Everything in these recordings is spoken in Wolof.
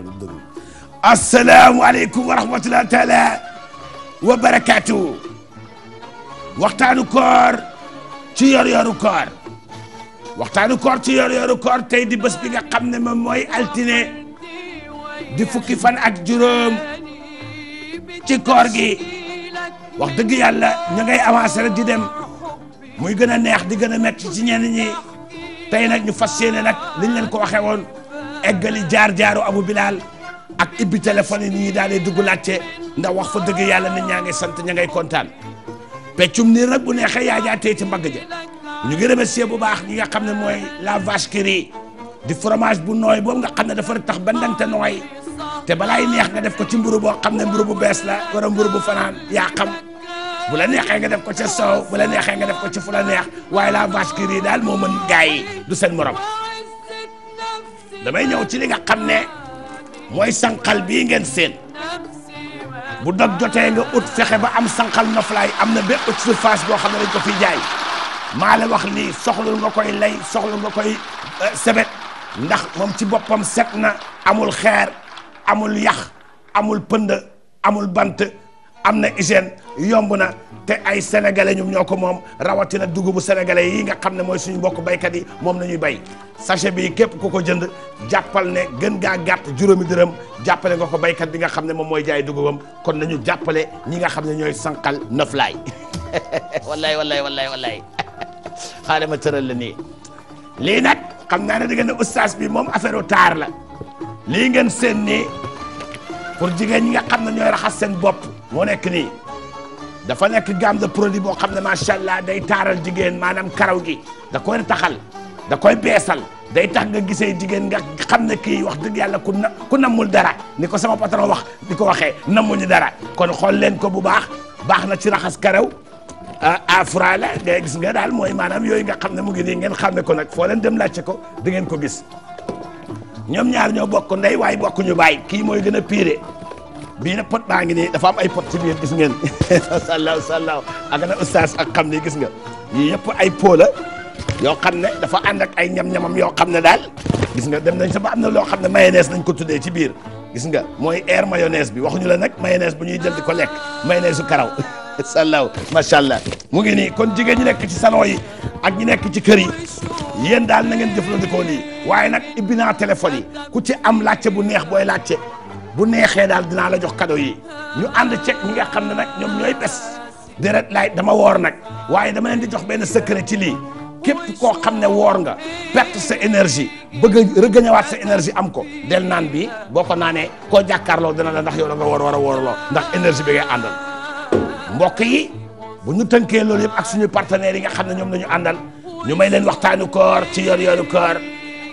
waxoon lu dëgg asalaamualeykum wa rahmatulah taala wa bi nga xam ne moom mooy altine fukki fan ak juróom ci koor wax dëgg yàlla ngay avancer di dem muy gën a neex di gën a metti ci ñenn ñi tey nag ñu fas yéene nag liñ leen ko waxee woon. eggali jaar-jaaru Abu Bilal ak ibbi téléphone nii ñuy daal di dugg laajte ndax wax fa dëgg yàlla nit ñaa ngay sant ña ngay kontaan peccum nii nag bu neexee yaa jaatee ci mbagg ja ñu ngi remercier bu baax ñi nga xam ne mooy la vache qui rit di fromage bu nooy boobu nga xam ne dafa tax ba ndante nooy te balaay neex nga def ko ci mburu boo xam ne mburu bees la wala mburu bu fanaan yaa xam bu la neexee nga def ko ca soow bu la neexee nga def ko ci fu la neex waaye la vache qui rit daal moo mën gaa yi du seen morom damay ñëw ci li nga xam ne mooy sànqal bii ngeen seen bu dog jotee nga ut fexe ba am sànqal noflaay am na bépp surface boo xam ne dañ ko fi jaay maa la wax lii soxlu nga koy lay soxlu nga koy euh, sebet ndax moom ci boppam set na amul xeer amul yax amul pënd amul bant am na hygiène yomb na te ay sénégalais ñum ñoo ko moom rawatina dugubu sénégalais yi nga xam ne mooy suñu mbokk baykat yi moom la ñuy bay sachet bi képp ku ko jënd jàppal ne gën ngaa gàtt juróomi dërëm jàppale nga ko baykat bi nga xam ne moom mooy jaay dugubam kon nañu jàppale ñi nga xam ne ñooy sànqal noflaay wallaay wallaay wallaay wallaay xaaral ma tëral la nii lii nag xam naa ne da ngeen ne oustaz bi moom affaire u taar la lii ngeen seen nii pour jigéen ñi nga xam ne ñooy raxas seen bopp moo nekk nii dafa nekk gamme de produit boo xam ne macha allah day taaral jigéen maanaam karaw gi da koy taxal da koy beesal day tax nga gisee jigéen nga xam ne kii wax dëgg yàlla ku na ku nammul dara ni ko sama patron wax di ko waxee nammuñu dara kon xool leen ko bu baax baax na ci raxas karaw ah, afra la ngay gis nga daal mooy maanaam yooyu nga xam ne mu ngi nii xam ne ko nag foo leen dem laajte ko di ngeen ko gis ñoom ñaar ñoo bokk ndey waaye bokkuñu baay kii mooy gën a piire bii nag pot baa ngi nii dafa am ay pot ci biir gis ngeen sallaaw sallaaw ak na oustaz ak kam ni gis nga yii yëpp ay pot la yoo xam ne dafa ànd ak ay ñam-ñamam yoo xam ne daal gis nga dem nañ sa ba am na loo xam ne mayonnaise nañ ko tuddee ci biir gis nga mooy air mayonnaise bi waxuñu la nag mayonnaise bu ñuy jël di ko lekk mayonnaise su karaw sallaaw macha allah mu ngi nii kon jigéen ñi nekk ci salon yi ak ñi nekk ci kër yi yéen daal na ngeen jëfandikoo nii waaye nag ibbi naa téléphone yi ku ci am laajte bu neex bu neexee daal dinaa la jox cadeau yi ñu ànd ceeg ñi nga xam ne nag ñoom ñooy bés deret laay dama woor nag waaye dama leen di jox benn secret ci lii képp koo xam ne woor nga perte sa énergie bëgg a regagnewaat sa énergie am ko del naan bi boo ko naanee koo jàkkaarloo dina la ndax yow da nga woor war a woorloo ndax énergie be ngay àndal mbokk yi bu ñu tënkee loolu yëpp ak suñu partenaires yi nga xam ne ñoom la ñu àndal ñu may leen waxtaanu koor ci yor yoo koor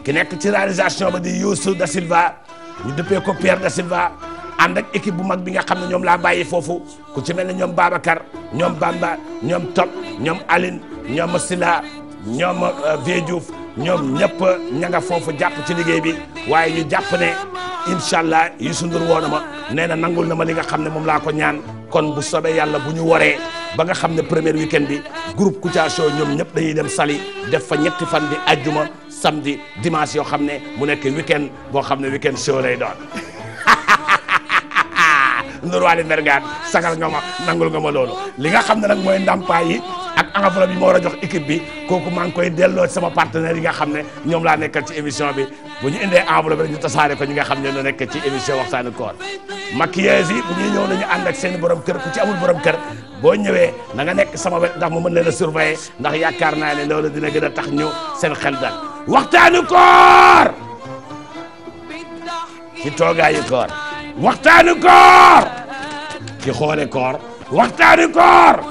ki nekk ci réalisation ba di Youssou Da Silva ñu dëppee ko Pierre da Silva ànd ak équipe bu mag bi nga xam ne ñoom laa bàyyi foofu ku ci mel ne ñoom Babacar ñoom Bamba ñoom Top ñoom Aline ñoom Sila ñoom euh, Vieux Diouf ñoom ñëpp ñanga foofu jàpp ci liggéey bi waaye ñu jàpp ne incha allah Youssou Ndour woo na ma nee na nangul na ma li nga xam ne moom laa ko ñaan kon bu sobee yàlla bu ñu waree ba nga xam ne premier week-end bi groupe Kouthia Show ñoom ñëpp dañuy dem Saly def fa ñetti fan di ajjuma samedi dimanche yoo xam ne mu nekk weekend boo xam ne weekend show lay doon Ndour Waly Mbergane sagal nga ma nangul nga ma loolu li nga xam ne nag mooy ndàmpaay yi ak enveloppe yi ma war a jox équipe bi kooku maa ngi koy delloo sama partenaire yi nga xam ne ñoom laa nekkal ci émission bi bu ñu indee enveloppe rek ñu tasaare ko ñi nga xam ne ñoo nekk ci émission waxtaanu koor maquillage yi bu ñuy ñëw ñu ànd ak seen borom kër ku ci amul borom kër boo ñëwee na nga nekk sama wet ndax ma mën leen a ndax yaakaar naa ne loolu dina gën a tax ñu seen xel waxtaanu koor ci toogaayu koor waxtaanu koor ci xoole koor waxtaanu koor